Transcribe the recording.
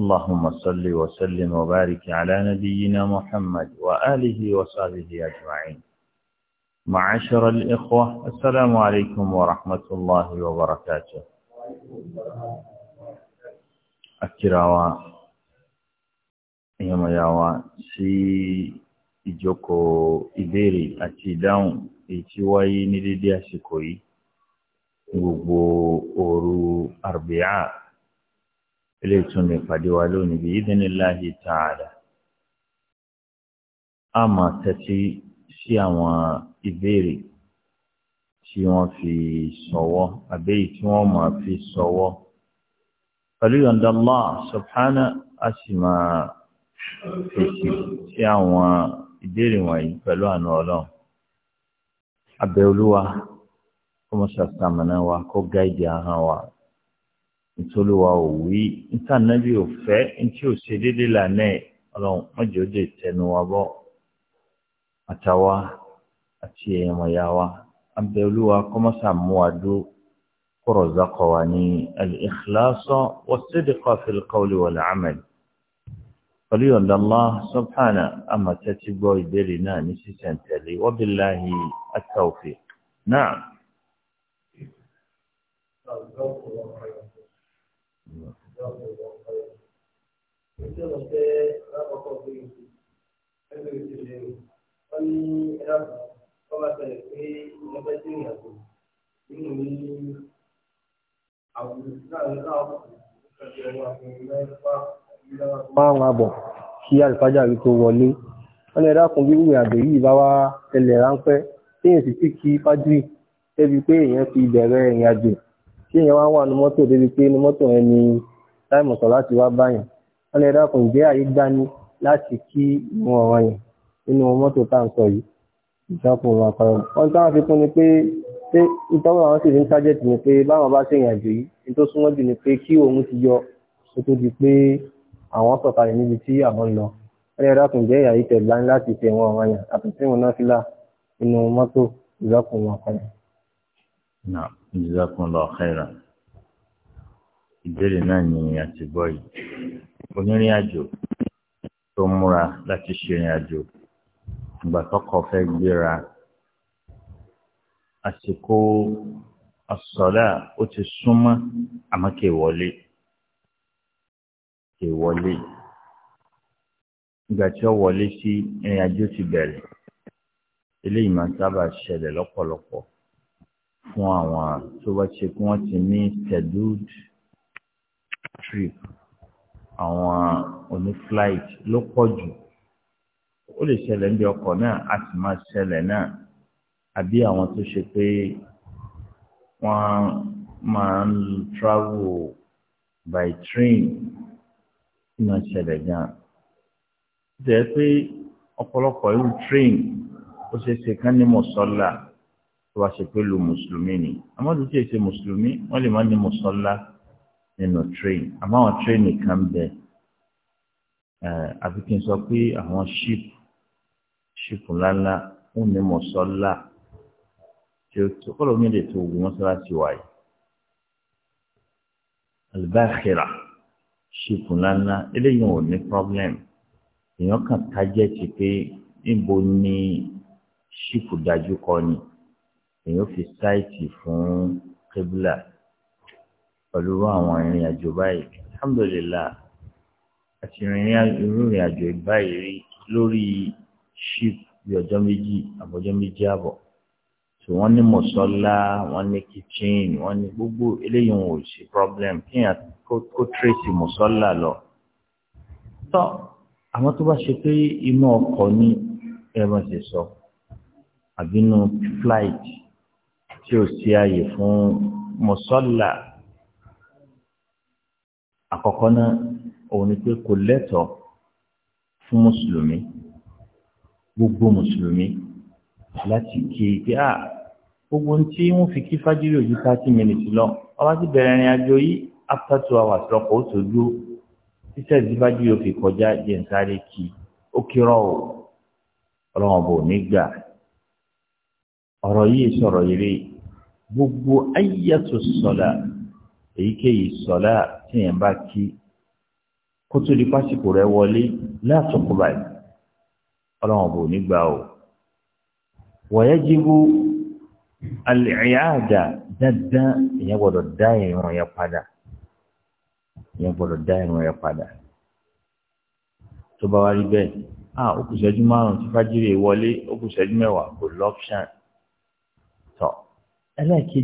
اللهم صل وسلم وبارك على نبينا محمد وآله وصحبه أجمعين معاشر الإخوة السلام عليكم ورحمة الله وبركاته أكراوا يوم يوا سي ìjókò ìbéèrè àti ìdáhùn èyí tí wáyé ní dédé àsìkò yìí gbogbo òru àrùbíà eléyìí tún lè pàdé wa lónìí bí idinilahi ta'ala a máa tẹ́tí sí àwọn ìbéèrè tí wọ́n fi sọ̀wọ́ àbẹ́yìí tí wọ́n máa fi sọ̀wọ́ pẹ̀lú yọ̀ǹda Allah subhana a sì máa fèsì sí àwọn ìbéèrè wọ̀nyí pẹ̀lú àánú ọlọ́run abẹ́ olúwa kó mọ̀ wa kó gáìdì ahọ́n wa ntoluwa ò wí ntànàbí ò fẹ́ ntí ò ṣe déédéé lànà ẹ̀ ọlọ́run mọ́jọ́ dé tẹnu wa bọ́ àtàwa àti èèyàn ọ̀yà wa abẹ́ olúwa kọ́mọ́sà mú wa dó kọ̀rọ̀ zákọ̀ wa ní al-ikhlasa was-sidqa fil qawli pẹ̀lú yọ̀ǹda Allah subhana amatẹ́tí gbọ́ ìbéèrè náà ní sísẹ̀ntẹ̀lé wa billahi náà márùn-ún àbọ̀ kí àlùfájàrí tó wọlé wọ́n lè dákun bí ìrìn àgbè yìí bá wá tẹlẹ̀ ráńpẹ́ téèyàn sì ti kí fájì débi pé èèyàn fi bẹ̀rẹ̀ ìrìn àjò kí èèyàn wá wà ní mọ́tò débi pé ní mọ́tò yẹn ni táìmù sọ láti wá báyàn wọn lè dákun ìgbé àyè gbani láti kí ìwọn ọ̀rọ̀ yẹn nínú mọ́tò tá à ń sọ yìí ìṣàkùn wọn àpárọ̀ wọn táwọn fi kún ni pé pé ìtọ́wọ́ àwọn sì ní tájẹ́tì ni pé báwọn bá ṣe ìrìnàjò yìí ní tó súnmọ́ jù ni pé kí òun ti yọ kó tó di pé àwọn sọ̀kalẹ̀ níbi tí àbọ̀ ń lọ wọn lè dákun ìgbé àyè tẹ̀ láti fi ìwọn ọ̀rọ̀ yẹn àtúntì Jazakumullahu khairan. Ìbéèrè náà ni a ti gbọ́ yìí. Onírìn àjò tó múra láti ṣe ìrìn àjò. Ìgbà tọkọ fẹ́ gbéra. Àsìkò àsọ̀lá ó ti súnmọ́ àmọ́ kì í wọlé. Kì í wọlé. Ìgbà tí ó wọlé sí ìrìn àjò ti bẹ̀rẹ̀. Eléyìí máa ń sábà ṣẹlẹ̀ lọ́pọ̀lọpọ̀ fún àwọn tó bá ṣe kí wọ́n ti ní scheduled trip àwọn oní-flight ló pọ̀ jù ó lè ṣẹlẹ̀ níbi ọkọ̀ náà a sì máa ṣẹlẹ̀ náà àbí àwọn tó ṣe pé wọ́n máa ń travel by train máa ṣẹlẹ̀ gan-an. jẹ́ pé ọ̀pọ̀lọpọ̀ irú train ó ṣe é ṣe kán ní mọ̀sọ́lá tó wá ṣe pé lu mùsùlùmí ni àmọ́ tó tiẹ̀ ṣe mùsùlùmí wọ́n lè má ní mùsọ́lá nínú train àmọ́ àwọn train kan bẹ eh, àfi kí n sọ pé àwọn ship ship ńláńlá ń ní mùsọ́lá tí ó tó kọ́ ló ní lè tó ogun mọ́sálásí wáyé albáxira ship ńláńlá eléyìí ò ní problem èèyàn kan tájẹ́ ti pé níbo ni ship dájú kọ́ ni èèyàn fi sáìtì fún kébìlà pẹ̀lú àwọn ìrìn àjò báyìí alhamdulillah àti ìrìn àjò báyìí rí lórí ship bí ọjọ́ méjì àbọ̀jọ́ méjì àbọ̀ tí wọ́n ní mọ̀sọ́lá wọ́n ní kitchen wọ́n ní gbogbo eléyìí wọn ò sí problem kíyàn kó tracy mọ̀sọ́lá lọ. tọ́ àwọn tó bá ṣe pé inú ọkọ̀ ní ẹ̀rọ ṣe sọ àbínú flight tí ò sí ààyè fún mọ́sọ́là àkọ́kọ́ náà òun ni pé kò lẹ́tọ̀ọ́ fún mùsùlùmí gbogbo mùsùlùmí láti kí pé à gbogbo tí wọ́n fi kí fájírì ojú thirty minutes lọ ọba ti bẹ̀rẹ̀ ìrìn àjò yìí after two hours lọkọ̀ ó tó dúró títẹ̀ tí fájírì ó fi kọjá jẹ́ ń kí ó kírọ̀ o ọlọ́run ọ̀bọ̀ ò ní gbà ọ̀rọ̀ yìí sọ̀rọ̀ eré gbogbo ayẹ́tò sọ̀lá èyíkéyìí sọ̀lá tí yẹn bá kí kó tó di pásìkò rẹ wọlé látọkọ báyìí ọlọ́run bò ní gbà ó wọ̀yẹ́jìbú àlìyáàdà dandan ìyẹn gbọ́dọ̀ dá ìrun yẹn padà ìyẹn gbọ́dọ̀ dá ìrun yẹn padà tó bá wá rí bẹ́ẹ̀ a ó kù ṣẹ́jú márùn tí fájírì wọlé ó kù ṣẹ́jú mẹ́wàá kò lọ́pṣàn tọ́. ki.